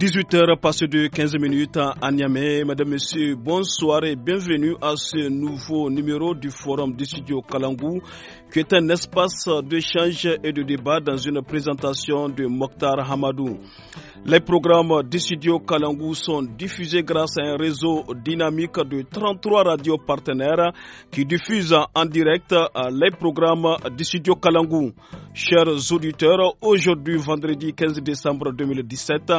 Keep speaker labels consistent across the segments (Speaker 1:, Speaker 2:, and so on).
Speaker 1: 18h passé de 15 minutes à Niamey. Mesdames, Messieurs, bonsoir et bienvenue à ce nouveau numéro du Forum du Studio Kalangou, qui est un espace d'échange et de débat dans une présentation de Mokhtar Hamadou. Les programmes du studio Kalangou sont diffusés grâce à un réseau dynamique de 33 radios partenaires qui diffusent en direct euh, les programmes du studio Chers auditeurs, aujourd'hui vendredi 15 décembre 2017,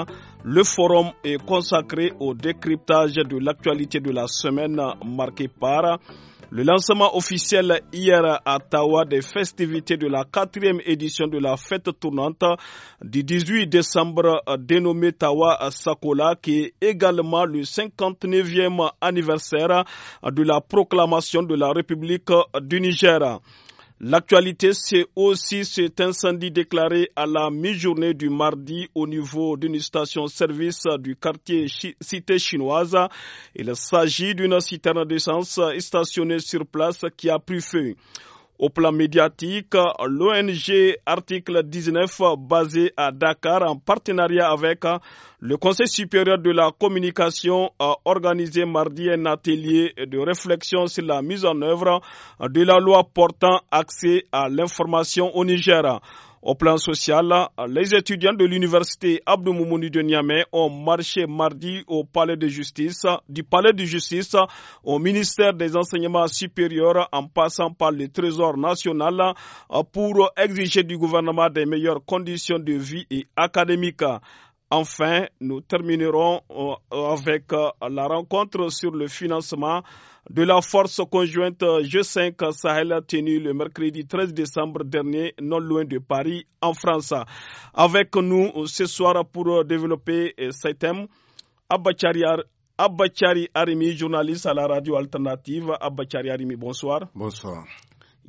Speaker 1: le forum est consacré au décryptage de l'actualité de la semaine marquée par le lancement officiel hier à Tawa des festivités de la quatrième édition de la fête tournante du 18 décembre dénommée Tawa Sakola qui est également le 59e anniversaire de la proclamation de la République du Niger. L'actualité, c'est aussi cet incendie déclaré à la mi-journée du mardi au niveau d'une station-service du quartier Cité chinoise. Il s'agit d'une citerne d'essence stationnée sur place qui a pris feu. Au plan médiatique, l'ONG Article 19, basée à Dakar en partenariat avec le Conseil supérieur de la communication, a organisé mardi un atelier de réflexion sur la mise en œuvre de la loi portant accès à l'information au Niger. Au plan social, les étudiants de l'université Abdou Moumouni de Niamey ont marché mardi au palais de justice, du palais de justice au ministère des enseignements supérieurs en passant par le trésor national pour exiger du gouvernement des meilleures conditions de vie et académiques. Enfin, nous terminerons euh, avec euh, la rencontre sur le financement de la force conjointe G5 Sahel tenue le mercredi 13 décembre dernier, non loin de Paris, en France. Avec nous ce soir pour développer euh, ce thème, Abachari, Arimi, journaliste à la radio alternative. Abachari Arimi, bonsoir. Bonsoir.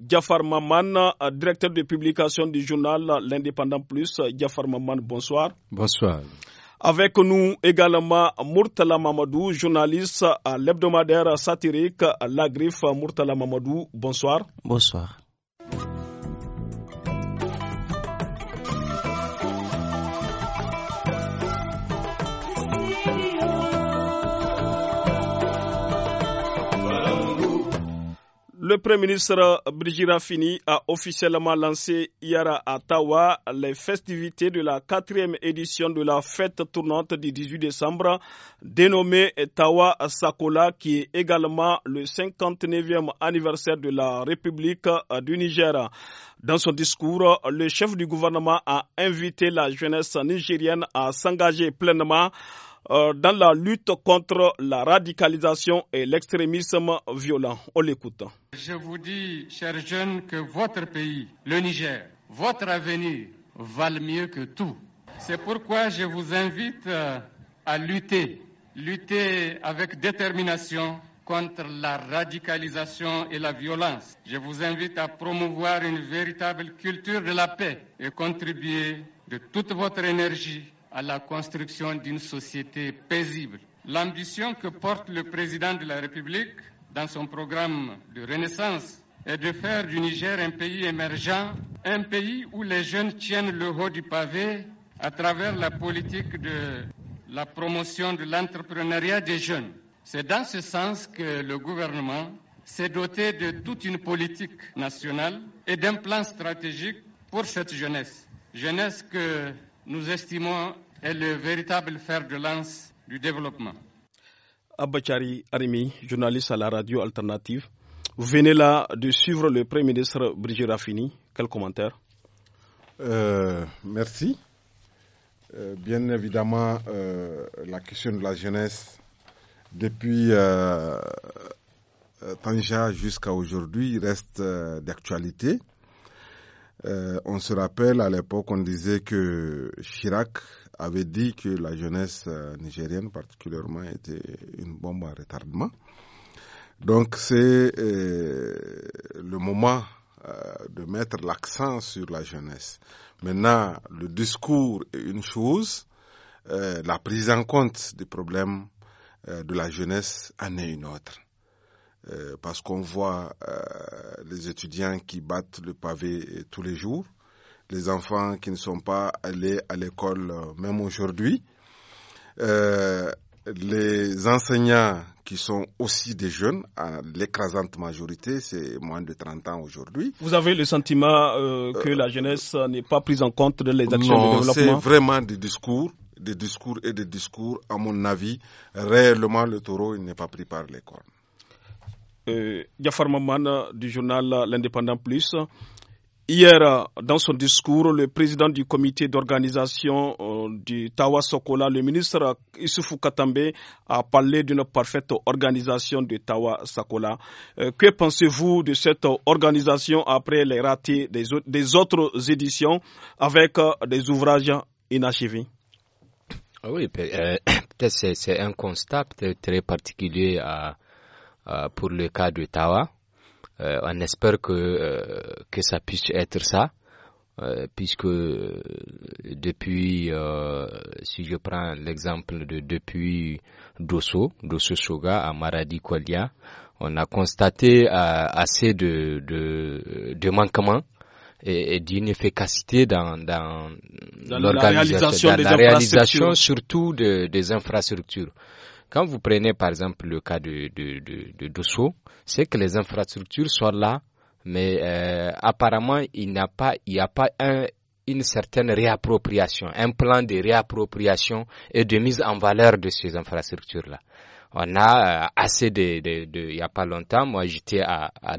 Speaker 1: Jafar Maman, euh, directeur de publication du journal L'Indépendant Plus. Jafar Maman, bonsoir. Bonsoir. Avec nous également Murtala Mamadou, journaliste à l'hebdomadaire satirique La Griffe. Murtala Mamadou, bonsoir. Bonsoir. Le Premier ministre Brigitte Rafini a officiellement lancé hier à Tawa les festivités de la quatrième édition de la fête tournante du 18 décembre, dénommée Tawa Sakola, qui est également le 59e anniversaire de la République du Niger. Dans son discours, le chef du gouvernement a invité la jeunesse nigérienne à s'engager pleinement euh, dans la lutte contre la radicalisation et l'extrémisme violent. On l'écoute.
Speaker 2: Je vous dis, chers jeunes, que votre pays, le Niger, votre avenir valent mieux que tout. C'est pourquoi je vous invite euh, à lutter, lutter avec détermination contre la radicalisation et la violence. Je vous invite à promouvoir une véritable culture de la paix et contribuer de toute votre énergie à la construction d'une société paisible. L'ambition que porte le président de la République dans son programme de renaissance est de faire du Niger un pays émergent, un pays où les jeunes tiennent le haut du pavé à travers la politique de la promotion de l'entrepreneuriat des jeunes. C'est dans ce sens que le gouvernement s'est doté de toute une politique nationale et d'un plan stratégique pour cette jeunesse. Jeunesse que nous estimons est le véritable fer de lance du développement.
Speaker 1: Abbachari Arimi, journaliste à la radio alternative. Vous venez là de suivre le Premier ministre Brigitte Raffini. Quel commentaire euh, Merci. Euh, bien évidemment, euh,
Speaker 3: la question de la jeunesse, depuis Tanja jusqu'à aujourd'hui, reste d'actualité. on se rappelle à l'époque, on disait que Chirac avait dit que la jeunesse euh, nigérienne particulièrement était une bombe à retardement. Donc c'est euh, le moment euh, de mettre l'accent sur la jeunesse. Maintenant, le discours est une chose, euh, la prise en compte des problèmes euh, de la jeunesse en est une autre. Euh, parce qu'on voit les étudiants qui battent le pavé tous les jours, les enfants qui ne sont pas allés à l'école euh, même aujourd'hui, euh, les enseignants qui sont aussi des jeunes, à l'écrasante majorité, c'est moins de 30 ans aujourd'hui.
Speaker 1: Vous avez le sentiment euh, que la jeunesse n'est pas prise en compte dans les actions de développement C'est
Speaker 3: vraiment des discours, des discours et des discours. À mon avis, réellement, le taureau n'est pas pris par l'école
Speaker 1: cornes. Maman du journal L'Indépendant Plus. Hier, euh, dans son discours, le président du comité d'organisation euh, du Tawa Sokola, le ministre euh, Issoufou Katambe, a parlé d'une parfaite organisation du Tawa Sokola. que pensez-vous de cette organisation après les ratés des, autres éditions avec des ouvrages inachevés
Speaker 4: ah Oui, c'est un constat très particulier pour le cas du Tawa. Euh, on espère que, euh, que ça puisse être ça, euh, puisque depuis, si je prends l'exemple de depuis Dosso, Dosso Soga à Maradi Kualia, on a constaté assez de, de, manquements et, d'inefficacité dans, dans, la réalisation, la surtout des infrastructures. Quand vous prenez par exemple le cas de, de, de, de c'est que les infrastructures sont là, mais euh, apparemment il n'y a pas, il y a pas un, une certaine réappropriation, un plan de réappropriation et de mise en valeur de ces infrastructures-là. On a euh, assez de, il n'y a pas longtemps, moi j'étais à, à,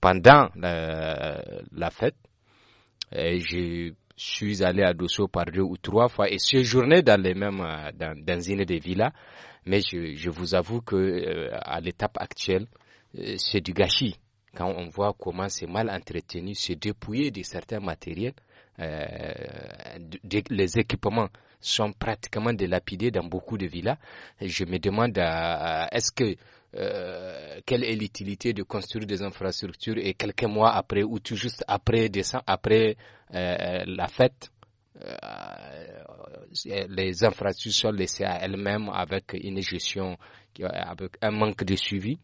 Speaker 4: pendant la, euh, la fête, j'ai je suis allé à Dosso par deux ou trois fois et séjourné dans les mêmes euh, dans, une des villas. Mais je, je vous avoue que euh, à l'étape actuelle, euh, c'est du gâchis. Quand on voit comment c'est mal entretenu, c'est dépouillé de certains matériels, les équipements sont pratiquement délapidés dans beaucoup de villas. Je me demande est-ce que euh, quelle est l'utilité de construire des infrastructures et quelques mois après ou tout juste après descend après euh, la fête euh, euh, les infrastructures sont laissées à elles-mêmes avec une gestion avec un manque de suivi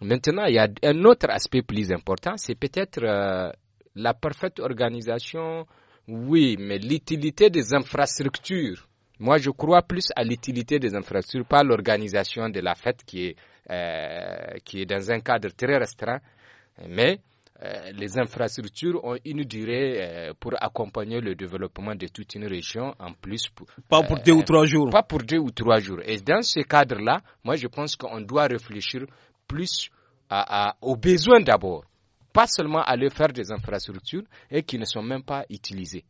Speaker 4: maintenant il y a un autre aspect plus important c'est peut-être euh, la parfaite organisation oui mais l'utilité des infrastructures moi, je crois plus à l'utilité des infrastructures, pas l'organisation de la fête qui est euh, qui est dans un cadre très restreint, mais euh, les infrastructures ont une durée euh, pour accompagner le développement de toute une région en plus. pas pour deux ou trois jours. Pas pour deux ou trois jours. Et dans ce cadre-là, moi je pense qu'on doit réfléchir plus aux besoins d'abord, pas seulement aller faire des infrastructures et qui ne sont même pas utilisées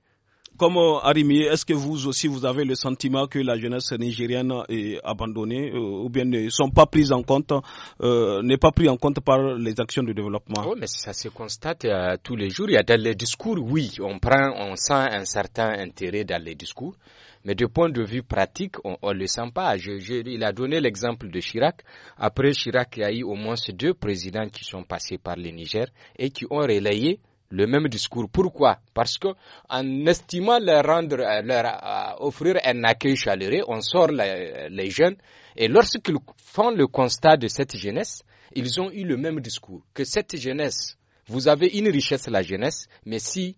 Speaker 4: comme euh, Arimi, est-ce que vous aussi, vous avez le sentiment
Speaker 1: que la jeunesse nigérienne est abandonnée euh, ou bien ne sont pas prises en compte, euh,
Speaker 4: n'est pas pris en compte par les actions de développement Oui, oh, mais ça se constate tous les jours. Il y a dans les discours, oui, on prend, on sent un certain intérêt dans les discours, mais du point de vue pratique, on ne le sent pas. il a donné l'exemple de Chirac. Après Chirac, il y a eu au moins deux présidents qui sont passés par le Niger et qui ont relayé le même discours. Pourquoi Parce que en estimant leur rendre, euh, leur euh, offrir un accueil chaleureux, on sort les, les jeunes et lorsqu'ils font le constat de cette jeunesse, ils ont eu le même discours que cette jeunesse. Vous avez une richesse la jeunesse, mais si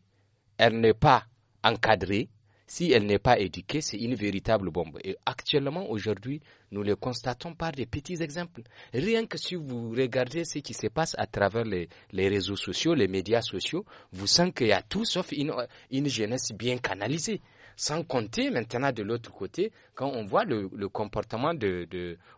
Speaker 4: elle n'est pas encadrée, si elle n'est pas éduquée, c'est une véritable bombe. Et actuellement, aujourd'hui, nous le constatons par des petits exemples. Rien que si vous regardez ce qui se passe à travers les, réseaux sociaux, les médias sociaux, vous sentez qu'il y a tout sauf une jeunesse bien canalisée. Sans compter maintenant de l'autre côté, quand on voit le, comportement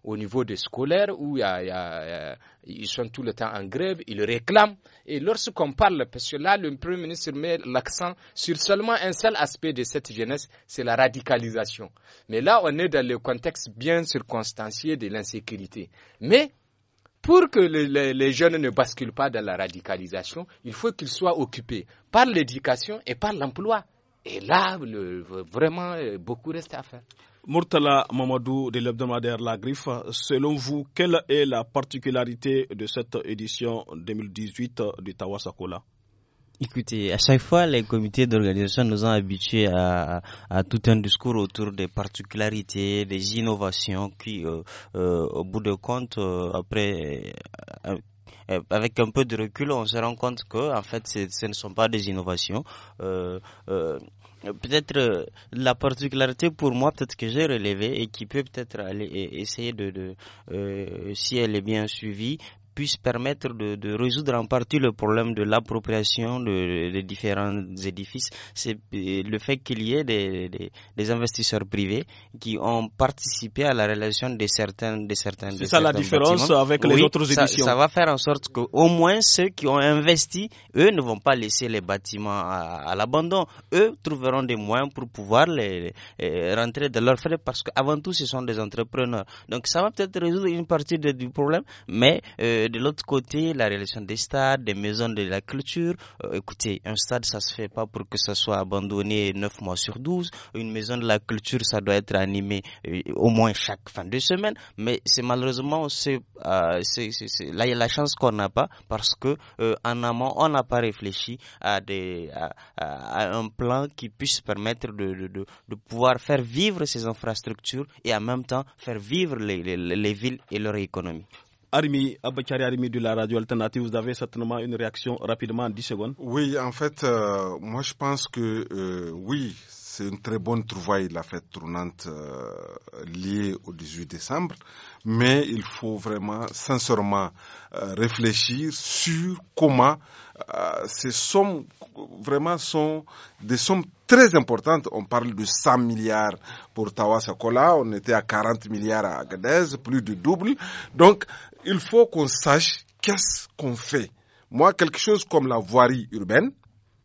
Speaker 4: au niveau des scolaires où ils sont tout le temps en grève, ils réclament. Et lorsqu'on parle, parce que là, le Premier ministre met l'accent sur seulement un seul aspect de cette jeunesse, c'est la radicalisation. Mais là, on est dans le contexte bien circonstancié de l'insécurité. Mais pour que les, les, jeunes ne basculent pas dans la radicalisation, il faut qu'ils soient occupés par l'éducation et par l'emploi. Et là, vraiment, beaucoup reste à faire.
Speaker 1: Murtala Mamadou de l'hebdomadaire La Griffe, selon vous, quelle est la particularité de cette édition 2018 du Tawasakola
Speaker 5: Écoutez, à chaque fois, les comités d'organisation nous ont habitués à, tout un discours autour des particularités, des innovations qui, euh, euh, au bout de compte, euh, après, euh, avec un peu de recul, on se rend compte que en fait, ce ne sont pas des innovations. Euh, euh, peut-être la particularité pour moi, peut-être que j'ai relevé et qui peut peut-être aller essayer de si elle est bien suivie, puisse permettre de, résoudre en partie le problème de l'appropriation des différents édifices. C'est euh, le fait qu'il y ait des, investisseurs privés qui ont participé à la réalisation de certains de certains. C'est ça la différence avec les autres ça, Ça, va faire en sorte que au moins ceux qui ont investi, eux ne vont pas laisser les bâtiments à, l'abandon. Eux trouveront des moyens pour pouvoir les, euh, rentrer de leurs frais parce qu'avant tout ce sont des entrepreneurs. Donc ça va peut-être résoudre une partie du problème, mais euh, de l'autre côté, la réalisation des stades, des maisons de la culture. Euh, écoutez, un stade, ça ne se fait pas pour que ça soit abandonné 9 mois sur 12. Une maison de la culture, ça doit être animé euh, au moins chaque fin de semaine. Mais malheureusement, euh, là, il y a la chance qu'on n'a pas parce que en amont, on n'a pas réfléchi à, un plan qui puisse permettre de, pouvoir faire vivre ces infrastructures et en même temps faire vivre les villes et leur économie. Arimi
Speaker 1: Abakari Arimi de la radio alternative, vous avez certainement une réaction rapidement en 10 secondes. Oui, en fait, euh,
Speaker 3: moi je pense que euh, oui, c'est une très bonne trouvaille, la fête tournante euh, liée au 18 décembre, mais il faut vraiment sincèrement euh, réfléchir sur comment euh, ces sommes vraiment sont des sommes très importantes. On parle de 100 milliards pour Tawasakola, on était à 40 milliards à Agadez, plus de double. Donc, il faut qu'on sache qu'est-ce qu'on fait. Moi, quelque chose comme la voirie urbaine,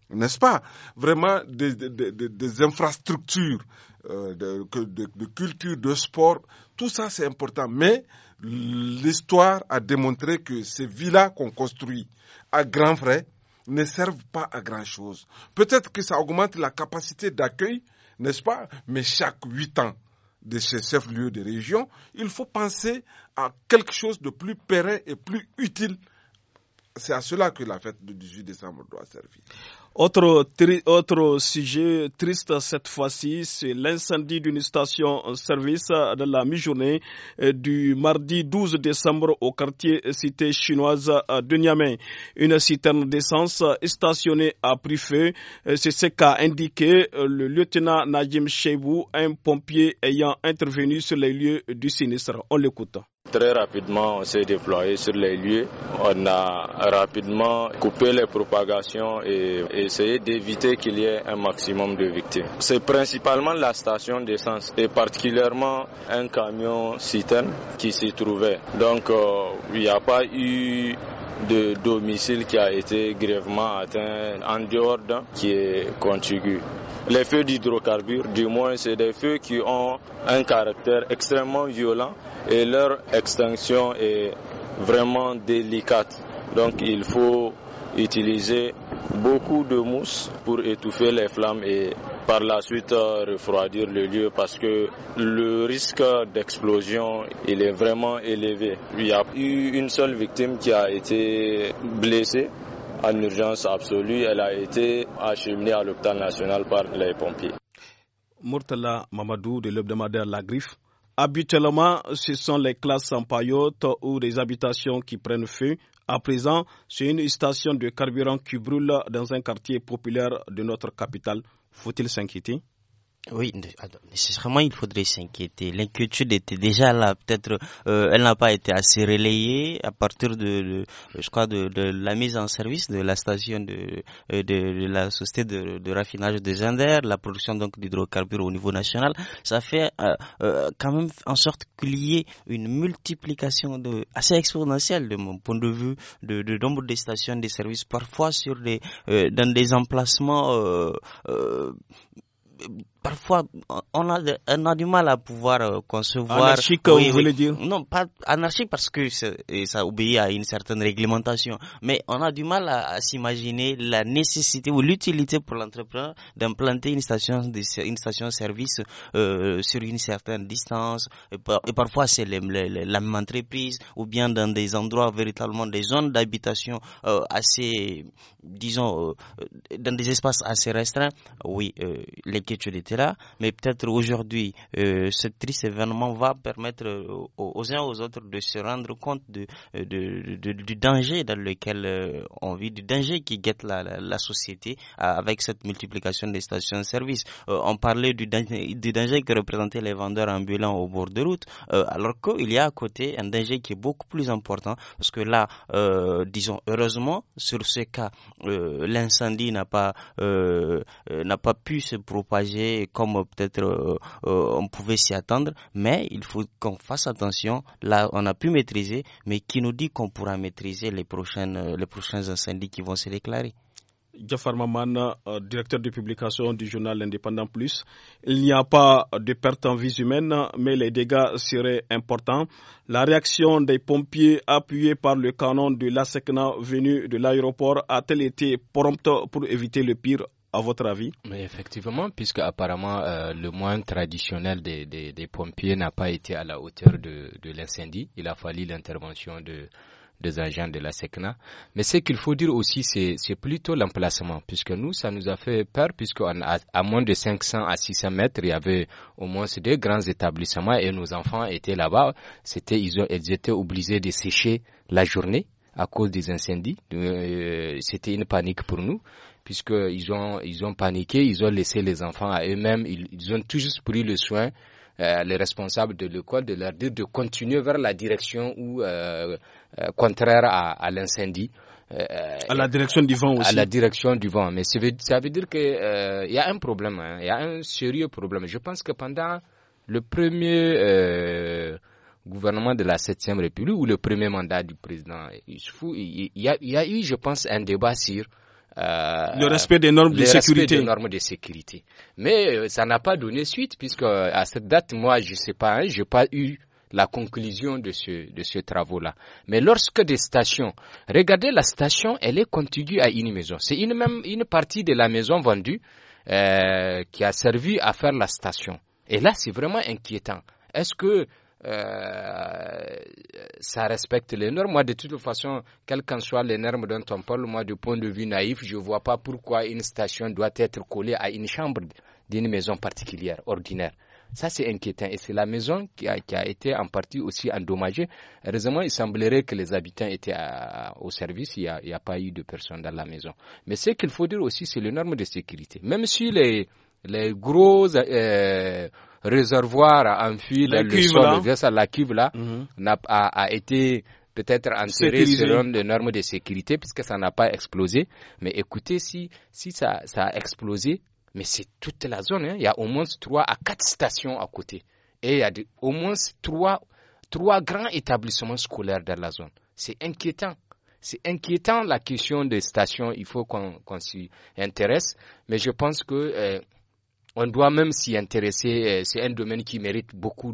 Speaker 3: n'est-ce pas Vraiment des, infrastructures euh, de, culture, de sport, tout ça c'est important. Mais l'histoire a démontré que ces villas qu'on construit à grands frais ne servent pas à grand-chose. Peut-être que ça augmente la capacité d'accueil, n'est-ce pas Mais chaque huit ans, de ces chefs-lieux de région, il faut penser à quelque chose de plus pérenne et plus utile. C'est à cela que la fête du 18 décembre doit servir.
Speaker 1: Autre, sujet triste cette fois-ci, c'est l'incendie d'une station-service de la mi-journée euh, du mardi 12 décembre au quartier cité chinoise euh, de Niamey. Une citerne d'essence stationnée à prix feu, euh, c'est ce qu'a indiqué le lieutenant Najim Chebou, un pompier ayant intervenu sur les lieux du sinistre. On l'écoute.
Speaker 6: Très rapidement, on s'est déployé sur les lieux. On a rapidement coupé les propagations et essayé d'éviter qu'il y ait un maximum de victimes. C'est principalement la station d'essence et particulièrement un camion citerne qui s'y trouvait. Donc, euh, il n'y a pas eu de domicile qui a été grièvement atteint en dehors d'un qui est contigu. Les feux d'hydrocarbures, du moins, c'est des feux qui ont un caractère extrêmement violent et leur extinction est vraiment délicate. Donc il faut utiliser beaucoup de mousse pour étouffer les flammes et par la suite euh, refroidir le lieu parce que le risque d'explosion il est vraiment élevé. Il y a eu une seule victime qui a été blessée en urgence absolue. Elle a été acheminée à l'hôpital national par les pompiers.
Speaker 1: Murtala Mamadou de l'hebdomadaire La Griffe. Habituellement, ce sont les classes en paillotes ou des habitations qui prennent feu à présent, c'est une station de carburant qui brûle dans un quartier populaire de notre capitale. Faut-il s'inquiéter
Speaker 5: oui, nécessairement, il faudrait s'inquiéter. L'inquiétude était déjà là. Peut-être euh, elle n'a pas été assez relayée à partir de, de je crois, de, de, la mise en service de la station de, euh, de, de la société de, raffinage des Indes, la production donc d'hydrocarbures au niveau national. Ça fait euh, euh, quand même en sorte qu'il y ait une multiplication de, assez exponentielle de mon point de vue de, nombre de stations de services, parfois sur des, euh, dans des emplacements parfois on a, a du mal à pouvoir euh, concevoir. Anarchique, oui, vous voulez dire Non, pas anarchique parce que ça, obéit à une certaine réglementation, mais on a du mal à, s'imaginer la nécessité ou l'utilité pour l'entrepreneur d'implanter une station de, une station service euh, sur une certaine distance et, parfois c'est la même entreprise ou bien dans des endroits véritablement des zones d'habitation euh, assez, disons, dans des espaces assez restreints. Oui, les là Mais peut-être aujourd'hui, euh, ce triste événement va permettre euh, aux, uns uns aux autres de se rendre compte euh, du danger dans lequel on vit, du danger qui guette la, société avec cette multiplication des stations-service. de on parlait du danger, que représentaient les vendeurs ambulants au bord de route, alors qu'il y a à côté un danger qui est beaucoup plus important parce que là, disons, heureusement, sur ce cas, l'incendie n'a pas, n'a pas pu se propager comme euh, peut-être euh, euh, on pouvait s'y attendre, mais il faut qu'on fasse attention. Là, on a pu maîtriser, mais qui nous dit qu'on pourra maîtriser les, prochains incendies qui vont se déclarer Jafar Maman,
Speaker 1: directeur de publication du journal Indépendant Plus. Il n'y a pas de perte en vie humaine, mais les dégâts seraient importants. La réaction des pompiers appuyés par le canon de l'ASECNA venu de l'aéroport a-t-elle été prompte pour éviter le pire
Speaker 4: à votre avis Mais Effectivement, puisque apparemment euh, le moyen traditionnel des, des, des pompiers n'a pas été à la hauteur de, de l'incendie. Il a fallu l'intervention de, des agents de la SECNA. Mais ce qu'il faut dire aussi, c'est plutôt l'emplacement, puisque nous, ça nous a fait peur, puisque a, à moins de 500 à 600 mètres, il y avait au moins deux grands établissements et nos enfants étaient là-bas. C'était, ils, ont, ils étaient obligés de sécher la journée à cause des incendies. Euh, c'était une panique pour nous puisqu'ils ont, ils ont paniqué, ils ont laissé les enfants à eux-mêmes, ils, ont tout juste pris le soin, euh, les responsables de l'école, de leur dire de continuer vers la direction euh, euh, contraire à, l'incendie. à la direction du vent aussi. À la direction du vent. Mais ça veut, dire qu'il y a un problème, hein. il y a un sérieux problème. Je pense que pendant le premier gouvernement de la 7e République ou le premier mandat du président il y, y, a eu, je pense, un débat sur euh, le respect des normes de sécurité. Mais euh, ça n'a pas donné suite puisque euh, à cette date, moi, je sais pas, hein, j'ai pas eu la conclusion de ce, de ce travaux-là. Mais lorsque des stations, regardez la station, elle est contiguë à une maison. C'est une même, une partie de la maison vendue, euh, qui a servi à faire la station. Et là, c'est vraiment inquiétant. Est-ce que euh, ça respecte les normes. Moi, de toute façon, quelles qu'en soit les normes dont on parle, moi, du point de vue naïf, je ne vois pas pourquoi une station doit être collée à une chambre d'une maison particulière, ordinaire. Ça, c'est inquiétant. Et c'est la maison qui a, qui a, été en partie aussi endommagée. Heureusement, il semblerait que les habitants étaient au service. Il n'y a, pas eu de personnes dans la maison. Mais ce qu'il faut dire aussi, c'est les normes de sécurité. Même si les, les gros euh, réservoir à le sol à la cuve là mhm. a, été peut-être enterré selon des normes de sécurité puisque ça n'a pas explosé. Mais écoutez, si, si ça, ça a explosé, mais c'est toute la zone. Hein. Il y a au moins 3 à 4 stations à côté. Et il y a au moins 3, trois grands établissements scolaires dans la zone. C'est inquiétant. C'est inquiétant la question des stations. Il faut qu'on s'y intéresse. Mais je pense que... Euh, on doit même s'y intéresser. Euh, c'est un domaine qui mérite beaucoup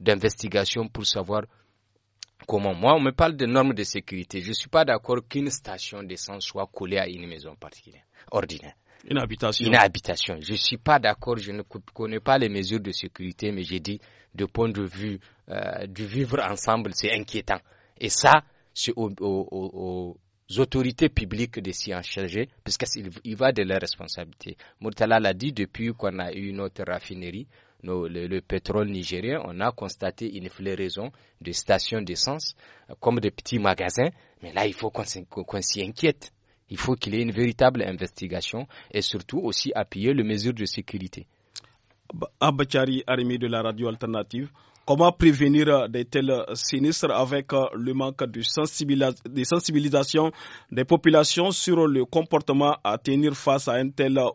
Speaker 4: d'investigation pour savoir comment. Moi, on me parle de normes de sécurité. Je ne suis pas d'accord qu'une station d'essence soit collée à une maison particulière, ordinaire. Une habitation. Une habitation. Je ne suis pas d'accord, je ne connais pas les mesures de sécurité, mais j'ai dit, de point de vue euh, du vivre ensemble, c'est inquiétant. Et ça, c'est au, autorités publiques de s'y en charger, parce qu'il va de la responsabilité. Murtala l'a dit, depuis qu'on a eu notre raffinerie, le, pétrole nigérien, on a constaté une floraison de stations d'essence, euh, comme de petits magasins, mais là, il faut qu'on s'y inquiète. Il faut qu'il y ait une véritable investigation et surtout aussi appuyer les mesures de sécurité. Abachari, Arimi de la radio
Speaker 1: alternative, Comment prévenir euh, des tels euh, sinistres avec euh, le manque de, sensibilisation des populations sur le comportement à tenir face à un tel, à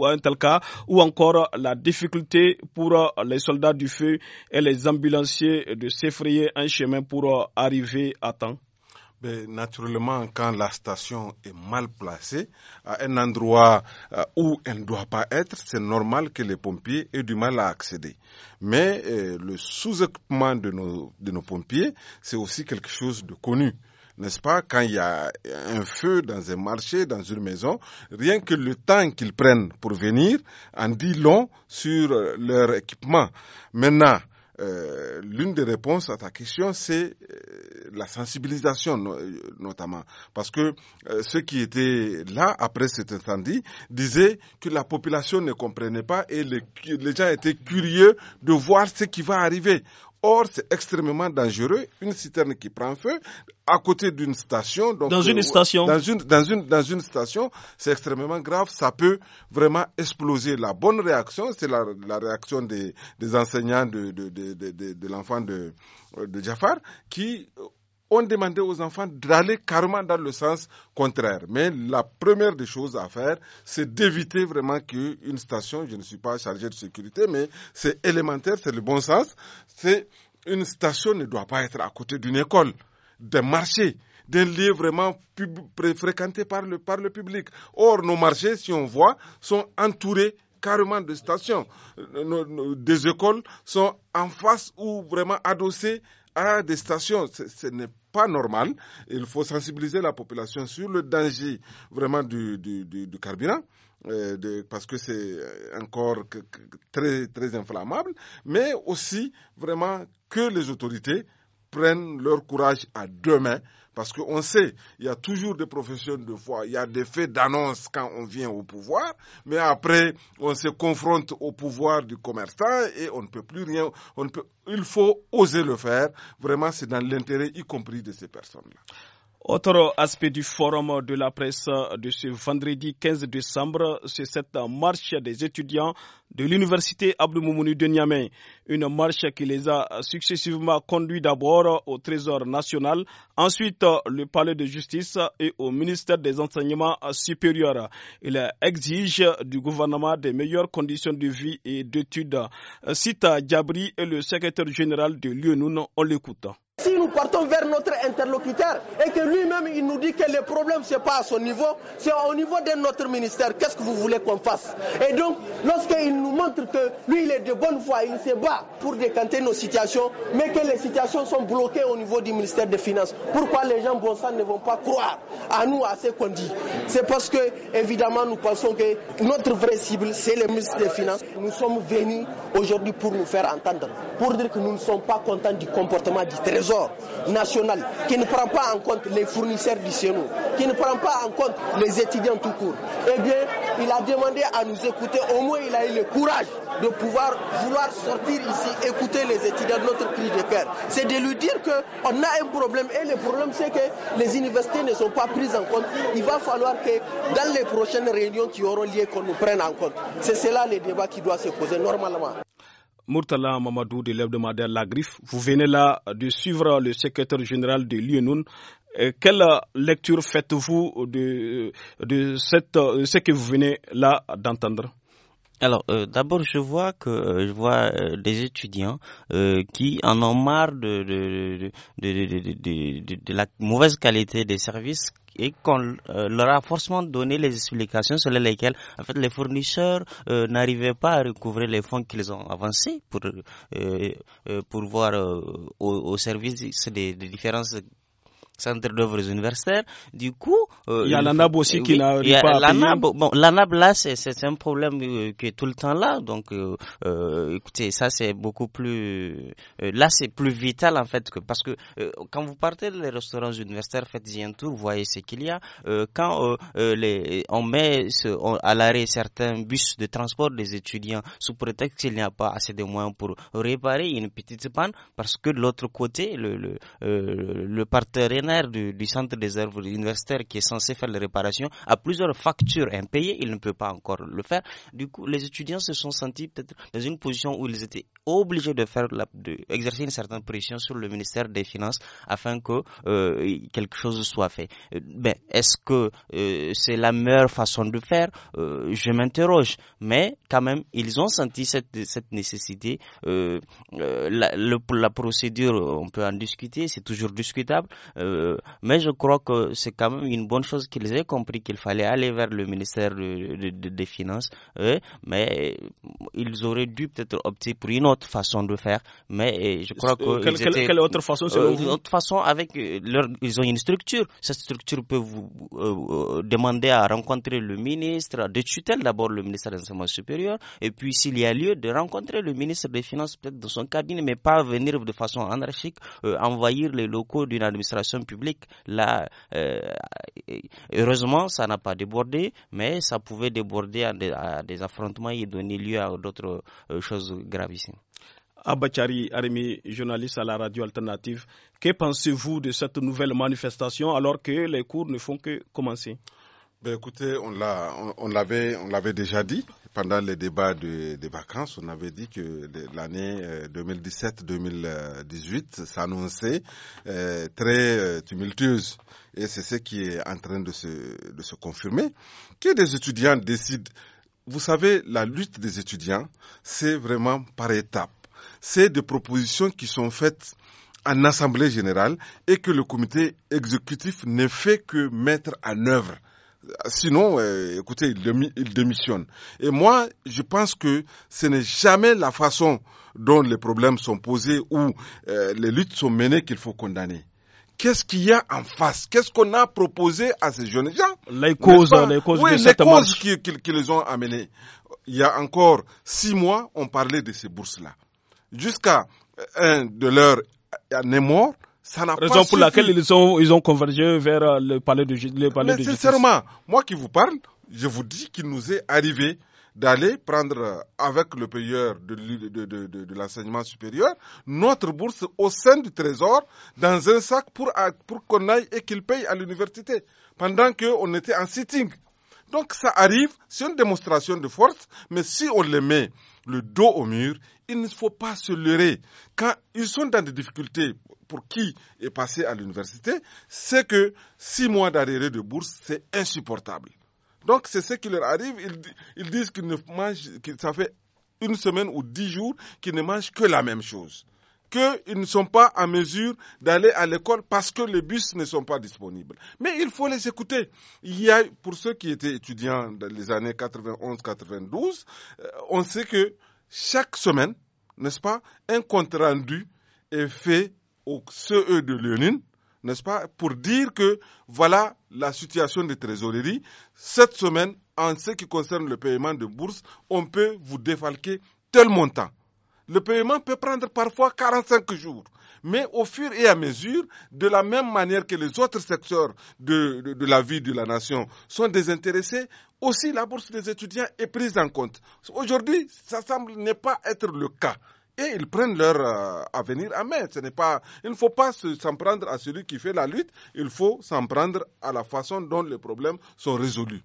Speaker 1: un tel cas ou encore la difficulté pour les soldats du feu et les ambulanciers de s'effrayer un chemin pour arriver à temps mais ben, naturellement, quand la station est mal placée, à un endroit
Speaker 3: euh, où elle ne doit pas être, c'est normal que les pompiers aient du mal à accéder. Mais euh, le sous-équipement de nos, de nos pompiers, c'est aussi quelque chose de connu n'est-ce pas, quand il y a un feu dans un marché, dans une maison, rien que le temps qu'ils prennent pour venir en dit long sur euh, leur équipement. Maintenant, euh, l'une des réponses à ta question, c'est euh, la sensibilisation notamment. Parce que euh, ceux qui étaient là après cet incendie disaient que la population ne comprenait pas et les gens étaient curieux de voir ce qui va arriver. Or, c'est extrêmement dangereux. Une citerne qui prend feu à côté d'une station. dans une euh, station. Dans une, dans une, dans une station, c'est extrêmement grave. Ça peut vraiment exploser. La bonne réaction, c'est la, réaction des, enseignants de, de, de, de, de l'enfant de, de Jafar qui on demandait aux enfants d'aller carrément dans le sens contraire. Mais la première des choses à faire, c'est d'éviter vraiment qu'une station, je ne suis pas chargé de sécurité, mais c'est élémentaire, c'est le bon sens, c'est une station ne doit pas être à côté d'une école, d'un marché d'un lieu vraiment fréquenté par le, par le public. Or, nos marchés, si on voit, sont entourés carrément de stations. Euh, des écoles sont en face ou vraiment adossées à des stations. Ce n'est pas normal. Il faut sensibiliser la population sur le danger vraiment du, du, carburant. Euh, parce que c'est encore très, très inflammable, mais aussi vraiment que les autorités prennent leur courage à deux mains. Parce qu'on sait, il y a toujours des professions de foi, il y a des faits d'annonce quand on vient au pouvoir, mais après, on se confronte au pouvoir du commerçant et on ne peut plus rien.
Speaker 1: On peut, il faut oser le faire. Vraiment, c'est dans l'intérêt, y compris de ces personnes-là. Autre aspect du forum de la presse de ce vendredi 15 décembre, c'est cette marche des étudiants de l'université Abdou Moumouni de Niamey. Une marche qui les a successivement conduits d'abord au Trésor national, ensuite le palais de justice et au ministère des enseignements supérieurs. Il exige du gouvernement des meilleures conditions de vie et d'études. Sita Djabri et le secrétaire général de l'UNUN. On l'écoute.
Speaker 7: Si nous partons vers notre interlocuteur et que lui-même il nous dit que le problème c'est pas à son niveau, c'est au niveau de notre ministère, qu'est-ce que vous voulez qu'on fasse Et donc, lorsqu'il nous montre que lui il est de bonne foi, il se bat pour décanter nos situations, mais que les situations sont bloquées au niveau du ministère des Finances, pourquoi les gens bon sang ne vont pas croire à nous, à ce qu'on dit C'est parce que, évidemment, nous pensons que notre vraie cible c'est le ministère des Finances. Nous sommes venus aujourd'hui pour nous faire entendre, pour dire que nous ne sommes pas contents du comportement du Trésor national qui ne prend pas en compte les fournisseurs du qui ne prend pas en compte les étudiants tout court, eh bien, il a demandé à nous écouter. Au moins, il a eu le courage de pouvoir vouloir sortir ici, écouter les étudiants, de notre pays de cœur. C'est de lui dire qu'on a un problème. Et le problème, c'est que les universités ne sont pas prises en compte. Il va falloir que dans les prochaines réunions qui auront lieu, qu'on nous prenne en compte. C'est cela le débat qui doit se poser normalement.
Speaker 1: Murtala Mamadou de l'hebdomadaire La Griffe. Vous venez là de suivre le secrétaire général de l'UNUN. Euh, quelle lecture faites-vous de, cette, euh, ce que vous venez là d'entendre
Speaker 5: alors, euh, d'abord, je vois que je vois des étudiants qui en ont marre de, la mauvaise qualité des services et qu'on euh, leur a forcément donné les explications selon lesquelles en fait, les fournisseurs euh, n'arrivaient pas à recouvrir les fonds qu'ils ont avancés pour, euh, voir au, service des, différences centre d'œuvres universitaires. Du coup, euh, il y a l'ANAB aussi qui n'a pas Bon, l'ANAB là, c'est un problème euh, qui est tout le temps là. Donc, euh, écoutez, ça c'est beaucoup plus, là c'est plus vital en fait que parce que quand vous partez des restaurants universitaires, faites-y un tour, voyez ce qu'il y a. quand les, on met à l'arrêt certains bus de transport des étudiants sous prétexte qu'il n'y a pas assez de moyens pour réparer une petite panne, parce que de l'autre côté, le, le, le partenariat du, centre des œuvres universitaires qui est censé faire les réparations a plusieurs factures impayées, il ne peut pas encore le faire. Du coup, les étudiants se sont sentis peut-être dans une position où ils étaient obligés de faire de une certaine pression sur le ministère des Finances afin que euh, quelque chose soit fait. Euh, ben, est-ce que euh, c'est la meilleure façon de faire Je m'interroge. Mais quand même, ils ont senti cette, cette nécessité. la, la procédure, on peut en discuter, c'est toujours discutable mais je crois que c'est quand même une bonne chose qu'ils aient compris qu'il fallait aller vers le ministère des Finances. mais ils auraient dû peut-être opter pour une autre façon de faire. Mais je crois euh, que quelle, autre façon euh, Une Autre façon avec euh, leur, ils ont une structure. Cette structure peut vous demander à rencontrer le ministre de tutelle d'abord le ministère de l'enseignement supérieur et puis s'il y a lieu de rencontrer le ministre des finances peut-être dans son cabinet mais pas venir de façon anarchique envoyer envahir les locaux d'une administration public. Là, euh, heureusement, ça n'a pas débordé, mais ça pouvait déborder à des, affrontements et donner lieu à d'autres euh, choses gravissimes.
Speaker 1: Abachari Arimi, journaliste à la radio alternative, que pensez-vous de cette nouvelle manifestation alors que les cours ne font que commencer
Speaker 3: ben, écoutez, on on, l'avait, déjà dit pendant les débats des vacances. On avait dit que l'année 2017-2018 euh, s'annonçait euh, très euh, tumultueuse, et c'est ce qui est en train de se, de se confirmer. Que des étudiants décident. Vous savez, la lutte des étudiants, c'est vraiment par étapes. C'est des propositions qui sont faites en assemblée générale et que le comité exécutif ne fait que mettre en œuvre. Sinon, euh, écoutez, il, démissionne. Et moi, je pense que ce n'est jamais la façon dont les problèmes sont posés ou euh, les luttes sont menées qu'il faut condamner qu'est-ce qu'il y a en face Qu'est-ce qu'on a proposé à ces jeunes gens Les causes, les causes, oui, les causes qui, les ont amenés. Il y a encore six mois, on parlait de ces bourses-là. Jusqu'à un de leurs années Raison pour laquelle ils,
Speaker 1: ils ont convergé vers euh, le palais de, le Mais sincèrement, moi qui vous parle, je vous dis qu'il nous est
Speaker 3: arrivé d'aller prendre euh, avec le payeur de, l'enseignement supérieur notre bourse au sein du trésor dans un sac pour, pour qu'on aille et qu'il paye à l'université pendant qu'on était en sitting. Donc ça arrive, c'est une démonstration de force, mais si on les met le dos au mur, il ne faut pas se leurrer. Quand ils sont dans des difficultés, pour qui est passé à l'université, c'est que six mois d'arrêt de bourse, c'est insupportable. Donc c'est ce qui leur arrive. Ils, ils disent qu'ils ne mangent, que ça fait une semaine ou dix jours qu'ils ne mangent que la même chose qu'ils ne sont pas en mesure d'aller à l'école parce que les bus ne sont pas disponibles. Mais il faut les écouter. Il y a, pour ceux qui étaient étudiants dans les années 91-92, euh, on sait que chaque semaine, n'est-ce pas, un compte rendu est fait au CE de Léonine, n'est-ce pas, pour dire que voilà la situation de trésorerie. Cette semaine, en ce qui concerne le paiement de bourse, on peut vous défalquer tel montant. Le paiement peut prendre parfois 45 jours. Mais au fur et à mesure, de la même manière que les autres secteurs de, la vie de la nation sont désintéressés, aussi la bourse des étudiants est prise en compte. Aujourd'hui, ça semble ne pas être le cas et ils prennent leur euh, avenir à main. Ce n'est pas, il ne faut pas s'en prendre à celui qui fait la lutte, il faut
Speaker 1: s'en prendre à la façon
Speaker 3: dont les problèmes
Speaker 1: sont résolus.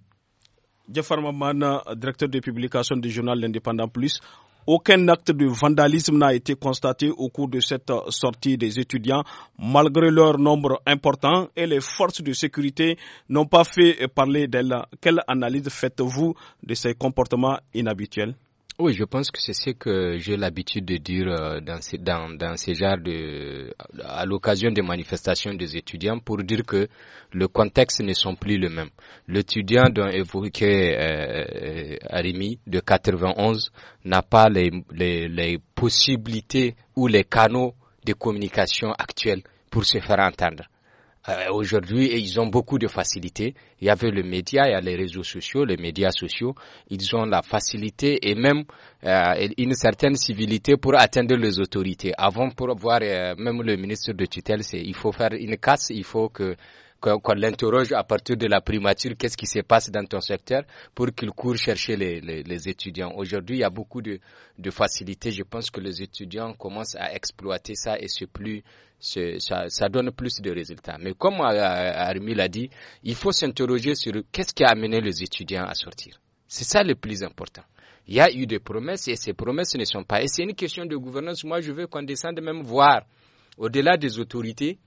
Speaker 1: Jeff Maman, directeur de publication du journal L'Indépendant Plus, aucun acte de vandalisme n'a été constaté au cours de cette sortie des étudiants, malgré leur nombre important et les forces de sécurité n'ont pas fait parler d'elle. Quelle analyse faites-vous de ces comportements inhabituels
Speaker 4: oui, je pense que c'est ce que j'ai l'habitude de dire euh, dans ces, dans, ces genres de, à l'occasion des manifestations des étudiants pour dire que le contexte ne sont plus le même. L'étudiant dont évoquait euh, euh Arimi de 91 n'a pas les, les possibilités ou les canaux de communication actuels pour se faire entendre. Euh, aujourd'hui, ils ont beaucoup de facilité. Il y avait le média, il y a les réseaux sociaux, les médias sociaux. Ils ont la facilité et même euh, une certaine civilité pour atteindre les autorités. Avant, pour voir euh, même le ministre de tutelle, c'est il faut faire une casse, il faut que qu'on l'interroge à partir de la primature, qu'est-ce qui se passe dans ton secteur pour qu'il court chercher les, les, étudiants. Aujourd'hui, il y a beaucoup de, de facilités. Je pense que les étudiants commencent à exploiter ça et c'est plus, ça, ça, donne plus de résultats. Mais comme euh, Armi l'a dit, il faut s'interroger sur qu'est-ce qui a amené les étudiants à sortir. C'est ça le plus important. Il y a eu des promesses et ces promesses ne sont pas. Et c'est une question de gouvernance. Moi, je veux qu'on descende même voir au-delà des autorités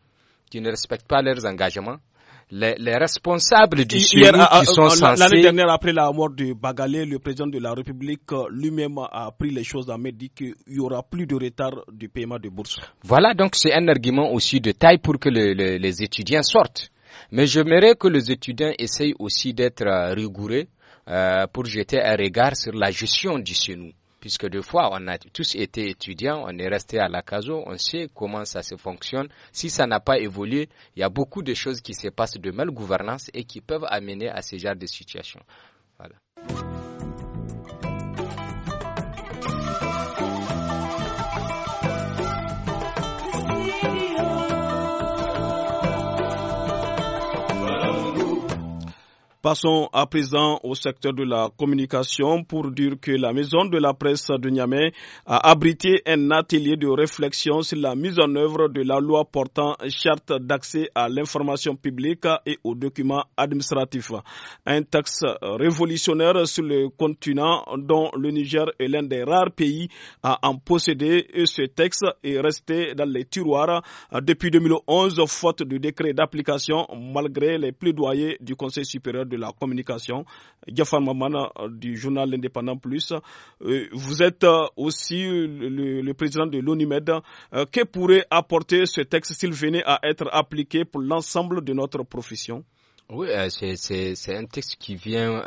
Speaker 4: qui ne respectent pas leurs engagements. Les, responsables du CNU euh, qui euh, sont euh, censés... L'année dernière,
Speaker 1: après la mort de Bagalé, le président de la République lui-même a pris les choses en main, dit qu'il n'y aura plus de retard du paiement de bourse.
Speaker 4: Voilà, donc c'est un argument aussi de taille pour que les étudiants sortent. Mais j'aimerais que les étudiants essayent aussi d'être rigoureux pour jeter un regard sur la gestion du CNU puisque deux fois, on a tous été étudiants, on est resté à la CASO, on sait comment ça se fonctionne. Si ça n'a pas évolué, il y a beaucoup de choses qui se passent de gouvernance et qui peuvent amener à ce genre de situation. Voilà.
Speaker 1: Passons à présent au secteur de la communication pour dire que la maison de la presse de Niamey a abrité un atelier de réflexion sur la mise en œuvre de la loi portant charte d'accès à l'information publique et aux documents administratifs. Un texte révolutionnaire sur le continent dont le Niger est l'un des rares pays à en posséder et ce texte est resté dans les tiroirs depuis 2011 faute de décret d'application malgré les plaidoyers du Conseil supérieur de la communication, Jafar Mamana euh, du journal Indépendant Plus. Euh, vous êtes euh, aussi le, président de l'ONUMED. Que pourrait apporter ce texte s'il venait à être appliqué pour l'ensemble de notre profession
Speaker 4: oui, c'est un texte qui vient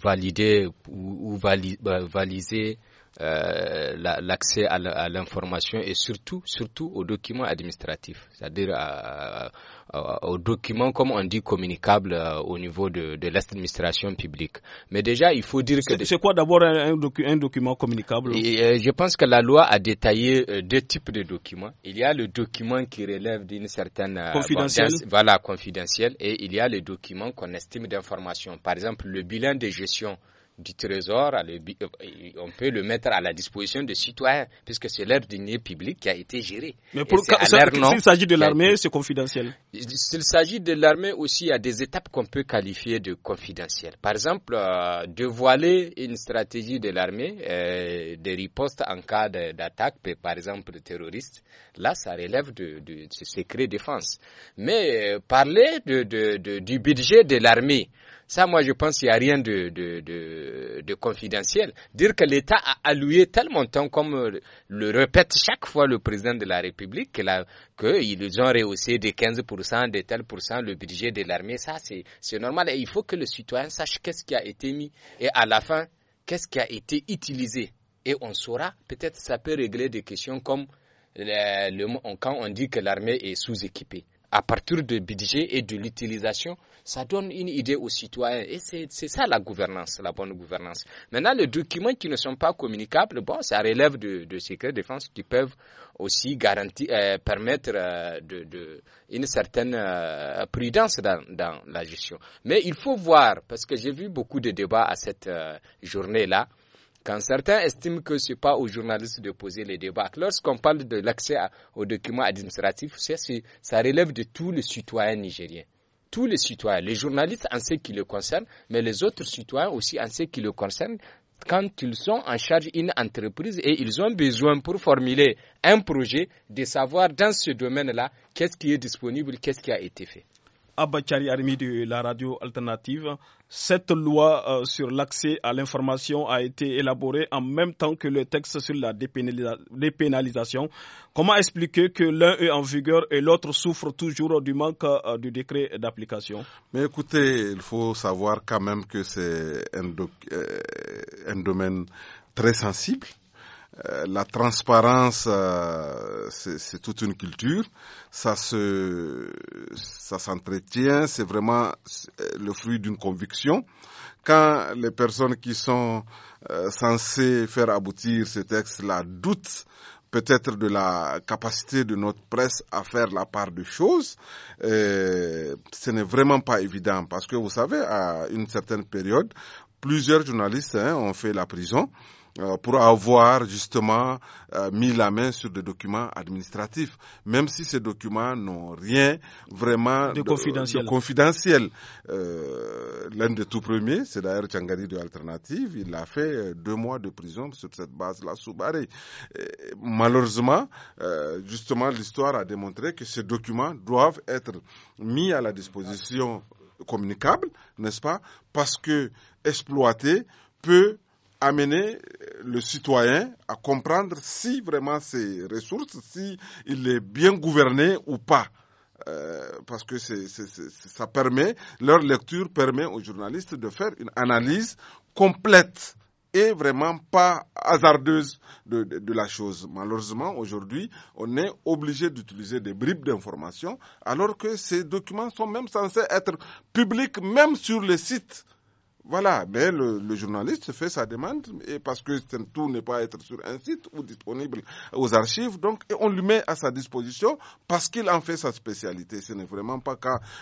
Speaker 4: valider ou, valiser euh, l'accès à l'information et surtout, surtout aux documents administratifs, c'est-à-dire aux documents, comme on dit, communicables euh, au niveau de, l'administration publique. Mais déjà, il faut dire que... C'est quoi d'abord un, document communicable euh, Je pense que la loi a détaillé deux types de documents. Il y a le document qui relève d'une certaine... Confidentiel. voilà, confidentiel. Et il y a le document qu'on estime d'information. Par exemple, le bilan de gestion du trésor, euh, on peut le mettre à la disposition des citoyens, puisque c'est leur denier public qui a été géré. Mais pour s'il s'agit de l'armée,
Speaker 1: c'est confidentiel.
Speaker 4: S'il s'agit de l'armée aussi, il y a des étapes qu'on peut qualifier de confidentielles. Par exemple, euh, dévoiler une stratégie de l'armée, euh, des ripostes en cas d'attaque, par exemple terroristes, là, ça relève de, secret défense. Mais parler de, du budget de l'armée, ça, moi, je pense qu'il n'y a rien de, confidentiel. Dire que l'État a alloué tel montant, comme le répète chaque fois le président de la République, qu'ils ont rehaussé de 15%, de tels pourcent le budget de l'armée, ça, c'est normal. il faut que le citoyen sache qu'est-ce qui a été mis et à la fin, qu'est-ce qui a été utilisé. Et on saura, peut-être ça peut régler des questions comme euh, quand on dit que l'armée est sous-équipée à partir du budget et de l'utilisation, ça donne une idée aux citoyens. Et c'est ça la gouvernance, la bonne gouvernance. Maintenant, les documents qui ne sont pas communicables, bon, ça relève de, de secret défense qui peuvent aussi garantir, euh, permettre euh, de, une certaine euh, prudence dans, dans, la gestion. Mais il faut voir, parce que j'ai vu beaucoup de débats à cette journée-là, quand certains estiment que ce n'est pas aux journalistes de poser les débats, lorsqu'on parle de l'accès aux documents administratifs, ça relève de tous les citoyens nigériens tous les citoyens, les journalistes en ce qui le concerne, mais les autres citoyens aussi en ce qui le concerne, quand ils sont en charge d'une entreprise et ils ont besoin pour formuler un projet de savoir dans ce domaine-là qu'est-ce qui est disponible, qu'est-ce qui a été fait.
Speaker 1: Abachari Armi de la radio alternative, cette loi euh, sur l'accès à l'information a été élaborée en même temps que le texte sur la dépénalisation. Comment expliquer que l'un est en vigueur et l'autre souffre toujours du manque euh, du décret d'application
Speaker 3: Mais écoutez, il faut savoir quand même que c'est un euh, domaine très sensible euh, la transparence, euh, c'est toute une culture. Ça se, ça s'entretient. C'est vraiment euh, le fruit d'une conviction. Quand les personnes qui sont censées faire aboutir ce texte-là doutent peut-être de la capacité de notre presse à faire la part des choses, ce n'est vraiment pas évident parce que vous savez, à une certaine période, plusieurs journalistes hein, ont fait la prison. Euh, pour avoir justement euh, mis la main sur des documents administratifs, même si ces documents n'ont rien vraiment de, confidentiel. Euh, l'un des tout premiers, c'est d'ailleurs Tchangari de Alternative, il a fait deux mois de prison sur cette base-là sous Barré. Malheureusement, justement, l'histoire a démontré que ces documents doivent être mis à la disposition communicable, n'est-ce pas Parce que exploiter peut amener le citoyen à comprendre si vraiment ces ressources, si il est bien gouverné ou pas. Euh, parce que ça permet, leur lecture permet aux journalistes de faire une analyse complète et vraiment pas hasardeuse de, de la chose. Malheureusement, aujourd'hui, on est obligé d'utiliser des bribes d'informations alors que ces documents sont même censés être publics même sur les sites voilà, mais le, journaliste fait sa demande et parce que tout n'est pas être sur un site ou disponible aux archives, donc on lui met à sa disposition parce qu'il en fait sa spécialité. Ce n'est vraiment pas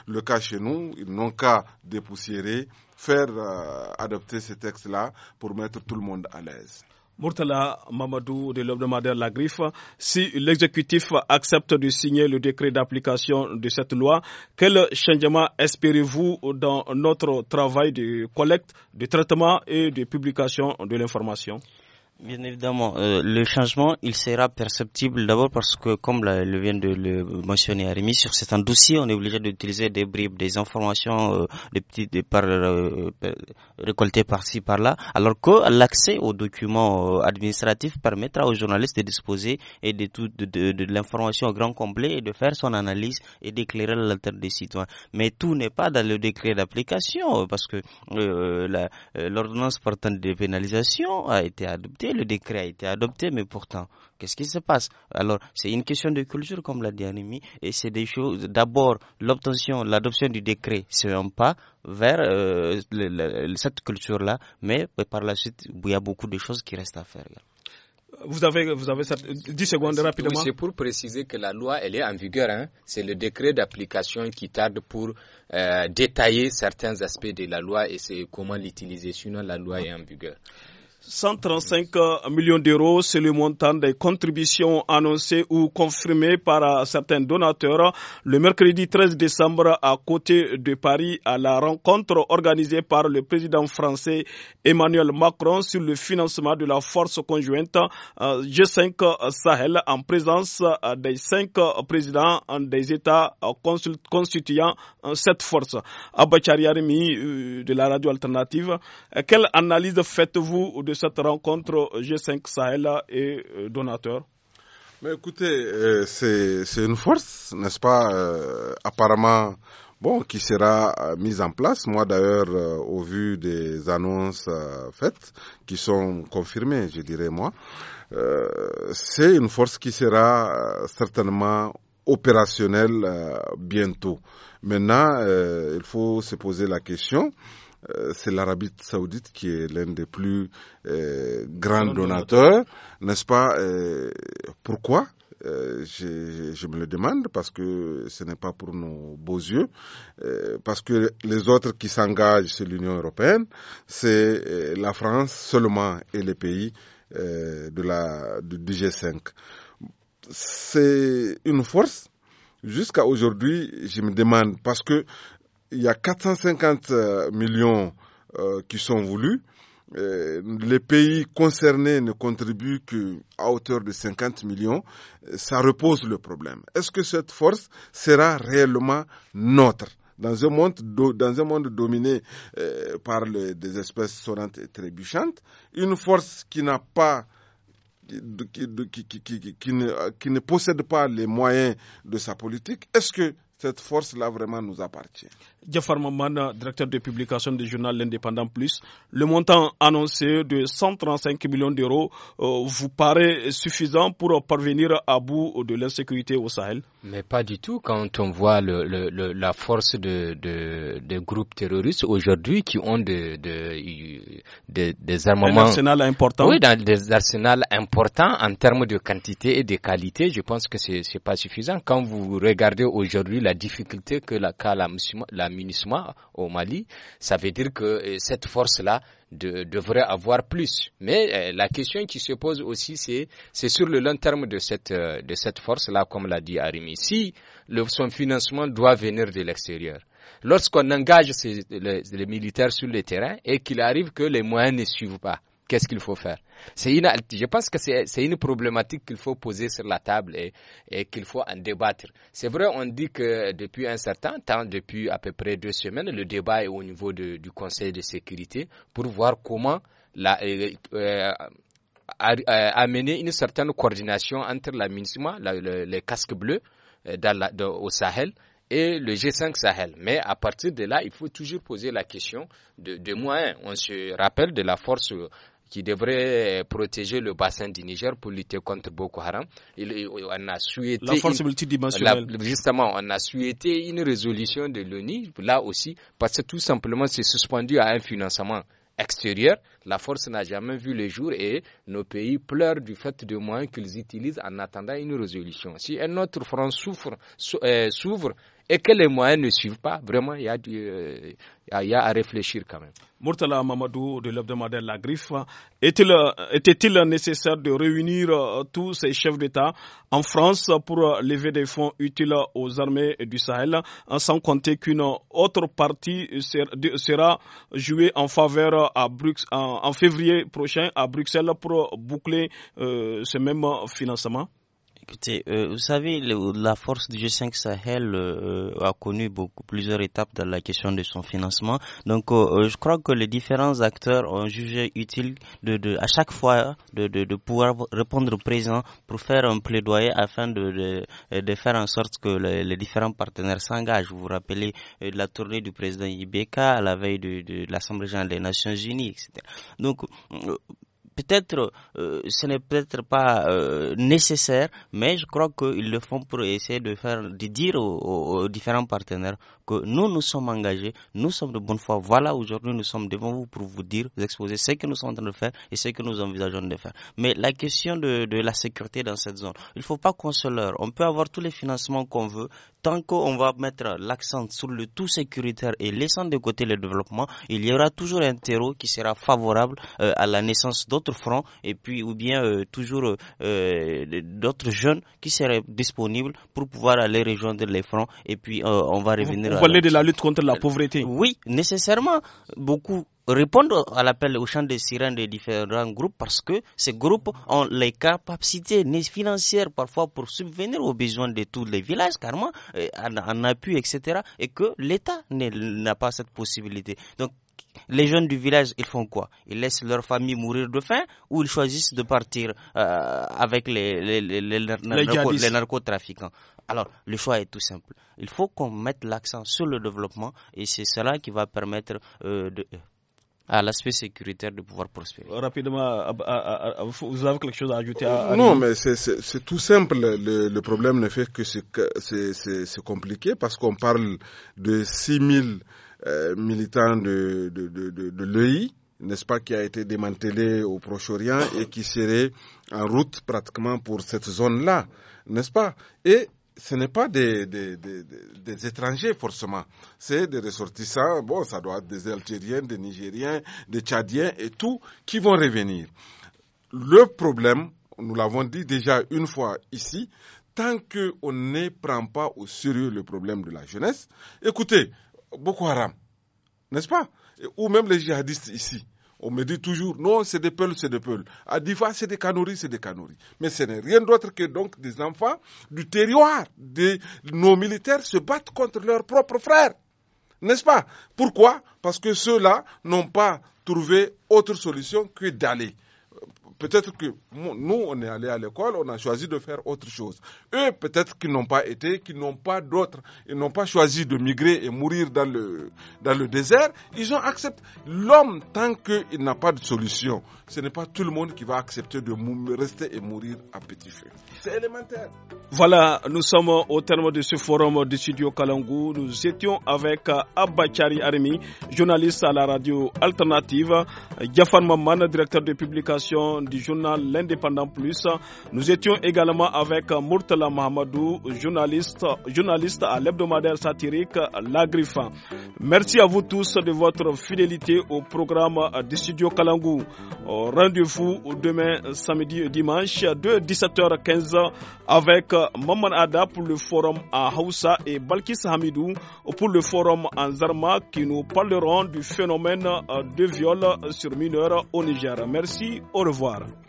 Speaker 3: le cas chez nous. Ils n'ont qu'à dépoussiérer, faire euh, adopter ces textes-là
Speaker 1: pour mettre tout le monde à l'aise. Murtala Mamadou de l'obdomadaire La Griffe, si l'exécutif accepte de signer le décret d'application de cette loi, quel changement espérez-vous dans notre travail de collecte, de traitement et de publication de l'information
Speaker 5: Bien évidemment, euh, le changement, il sera perceptible d'abord parce que, comme le vient de le mentionner Rémi, sur certains dossiers, on est obligé d'utiliser des bribes, des informations euh, des petites, euh, par, récoltées par-ci, par-là, alors que l'accès aux documents administratifs permettra aux journalistes de disposer et de, tout, de, l'information au grand complet et de faire son analyse et d'éclairer l'alter des citoyens. Mais tout n'est pas dans le décret d'application parce que l'ordonnance portant des pénalisations a été adoptée le décret a été adopté, mais pourtant, qu'est-ce qui se passe Alors, c'est une question de culture, comme l'a dit Animi, et c'est des choses. D'abord, l'obtention, l'adoption du décret, c'est un pas vers euh, cette culture-là, mais par la suite, il y a beaucoup de choses qui restent à faire.
Speaker 4: Vous avez, 10 secondes rapidement. C'est pour préciser que la loi, elle est en vigueur. Hein. C'est le décret d'application qui tarde pour euh, détailler certains aspects de la loi et c'est comment l'utiliser. Sinon, la loi est en vigueur.
Speaker 1: 135 millions d'euros, c'est le montant des contributions annoncées ou confirmées par euh, certains donateurs le mercredi 13 décembre à côté de Paris à la rencontre organisée par le président français Emmanuel Macron sur le financement de la force conjointe euh, G5 Sahel en présence euh, des cinq présidents des États constituant cette force. Abachari Arimi de la radio alternative, quelle analyse faites-vous de cette rencontre G5 Sahel et euh, donateur. mais écoutez,
Speaker 3: euh, c'est une force, n'est-ce pas euh, Apparemment, bon, qui sera mise en place. Moi, d'ailleurs, au vu des annonces faites, qui sont confirmées, je dirais moi, c'est une force qui sera certainement opérationnelle bientôt. Maintenant, il faut se poser la question euh, c'est l'Arabie saoudite qui est l'un des plus euh, grands donateurs, n'est-ce pas euh, Pourquoi je, me le demande parce que ce n'est pas pour nos beaux yeux, parce que les autres qui s'engagent, c'est l'Union européenne, c'est la France seulement et les pays de la, du G5. C'est une force. Jusqu'à aujourd'hui, je me demande, parce que il y a 450 euh, millions euh, qui sont voulus. Euh, les pays concernés ne contribuent qu'à hauteur de 50 millions. Ça repose le problème. Est-ce que cette force sera réellement notre dans un monde, dans un monde dominé par des espèces sonnantes et trébuchantes, une force qui n'a pas qui, qui, qui, ne, qui, ne, possède pas les moyens de sa politique, est-ce que cette force-là vraiment nous appartient.
Speaker 1: Jafar Maman, directeur de publication du journal L'Indépendant Plus, le montant annoncé de 135 millions d'euros euh, vous paraît suffisant pour parvenir à bout de l'insécurité au Sahel
Speaker 4: Mais pas du tout quand on voit la force des groupes terroristes aujourd'hui qui ont de, des armements... Un arsenal important Oui, dans des arsenals importants en termes de quantité et de qualité. Je pense que ce n'est pas suffisant. Quand vous regardez aujourd'hui la la difficulté que la, la, au Mali, ça veut dire que euh, cette force-là devrait avoir plus. Mais euh, la question qui se pose aussi, c'est, sur le long terme de cette, euh, de cette force-là, comme l'a dit Arimi. Si son financement doit venir de l'extérieur, lorsqu'on engage les, les militaires sur le terrain et qu'il arrive que les moyens ne suivent pas, Qu'est-ce qu'il faut faire Je pense que c'est une problématique qu'il faut poser sur la table et, qu'il faut en débattre. C'est vrai, on dit que depuis un certain temps, depuis à peu près deux semaines, le débat est au niveau du Conseil de sécurité pour voir comment euh, euh, euh, amener une certaine coordination entre la MINSUMA, le, les casques bleus au Sahel, et le G5 Sahel. Mais à partir de là, il faut toujours poser la question de, de moyens. On se rappelle de la force qui devrait euh, protéger le bassin du Niger pour lutter contre Boko Haram. on a souhaité la force multidimensionnelle. justement, on a souhaité une résolution de l'ONU là aussi parce que tout simplement c'est suspendu à un financement extérieur. la force n'a jamais vu le jour et nos pays pleurent du fait des moyens qu'ils utilisent en attendant une résolution. Si un autre front euh, s'ouvre, et que les moyens ne suivent pas, vraiment, euh, il y, a à réfléchir quand même. Murtala Mamadou de l'hebdomadaire La Griffe,
Speaker 1: était-il nécessaire de réunir euh, tous ces chefs d'État en France pour euh, lever des fonds utiles aux armées du Sahel, hein, sans compter qu'une autre partie sera jouée en faveur à en, février prochain à Bruxelles pour boucler ce même financement?
Speaker 5: Écoutez, euh, vous savez, la force du G5 Sahel euh, a connu beaucoup plusieurs étapes dans la question de son financement. Donc, euh, euh, je crois que les différents acteurs ont jugé utile de, de à chaque fois de, de, de pouvoir répondre présent pour faire un plaidoyer afin de, de, faire en sorte que les, différents partenaires s'engagent. Vous vous rappelez de la tournée du président Ibeka à la veille de, l'Assemblée générale des Nations Unies, etc. Donc, peut-être euh, ce n'est peut-être pas euh, nécessaire, mais je crois qu'ils le font pour essayer de faire, de dire aux, différents partenaires que nous nous sommes engagés, nous sommes de bonne foi. Voilà, aujourd'hui nous sommes devant vous pour vous dire, vous exposer ce que nous sommes en train de faire et ce que nous envisageons de faire. Mais la question de, la sécurité dans cette zone, il ne faut pas qu'on se leurre. On peut avoir tous les financements qu'on veut tant qu'on va mettre l'accent sur le tout sécuritaire et laissant de côté le développement, il y aura toujours un terreau qui sera favorable euh, à la naissance d'autres d'autres fronts et puis ou bien euh, toujours euh, euh, d'autres jeunes qui seraient disponibles pour pouvoir aller rejoindre les fronts et puis on va revenir. Vous parlez de la lutte contre la pauvreté. Oui, nécessairement beaucoup répondre à l'appel au chant des sirènes des différents groupes parce que ces groupes ont les capacités financières parfois pour subvenir aux besoins de tous les villages, car en, en appui, etc. Et que l'État n'a pas cette possibilité. Donc, les jeunes du village, ils font quoi Ils laissent leur famille mourir de faim ou ils choisissent de partir euh, avec les, narcotrafiquants Alors, le choix est tout simple. Il faut qu'on mette l'accent sur le développement et c'est cela qui va permettre euh, à l'aspect sécuritaire de pouvoir prospérer.
Speaker 1: Rapidement, vous avez quelque chose à ajouter Non,
Speaker 3: mais c'est tout simple. Le, problème ne fait que c'est compliqué parce qu'on parle de 6000 euh, militant de, de, de, de, de l'EI, n'est-ce pas, qui a été démantelé au Proche-Orient et qui serait en route pratiquement pour cette zone-là, n'est-ce pas Et ce n'est pas des, des, des, des, étrangers forcément, c'est des ressortissants, bon, ça doit être des Algériens, des Nigériens, des Tchadiens et tout, qui vont revenir. Le problème, nous l'avons dit déjà une fois ici, tant qu'on ne prend pas au sérieux le problème de la jeunesse, écoutez, Boko Haram, n'est-ce pas Ou même les djihadistes ici. On me dit toujours, non, c'est des peuls, c'est des peules. À diva, c'est des canories, c'est des canories. Mais ce n'est rien d'autre que donc des enfants du territoire. Des, nos militaires se battent contre leurs propres frères. N'est-ce pas Pourquoi Parce que ceux-là n'ont pas trouvé autre solution que d'aller peut-être que nous, on est allé à l'école, on a choisi de faire autre chose. Eux, peut-être qu'ils n'ont pas été, qu'ils n'ont pas d'autres, ils n'ont pas choisi de migrer et mourir dans le, dans le désert. Ils ont accepté. L'homme, tant qu'il n'a pas de solution,
Speaker 1: ce n'est pas tout le monde qui va accepter de rester et mourir à petit
Speaker 3: feu. C'est élémentaire.
Speaker 1: Voilà, nous sommes au terme de ce forum du studio Kalangou. Nous étions avec euh, Abachari Arimi, journaliste à la radio alternative, Yafan Maman, directeur de publication du journal L'Indépendant Plus. Nous étions également avec Murtala Mahamadou, journaliste, journaliste à l'hebdomadaire satirique La Griffe. Merci à vous tous de votre fidélité au programme du studio Kalangou. Rendez-vous demain, samedi et dimanche de 17h15 avec Maman Ada pour le forum à Hausa et Balkis Hamidou pour le forum en Zarma qui nous parleront du phénomène de viol sur mineurs au Niger. Merci, au revoir. Alvara.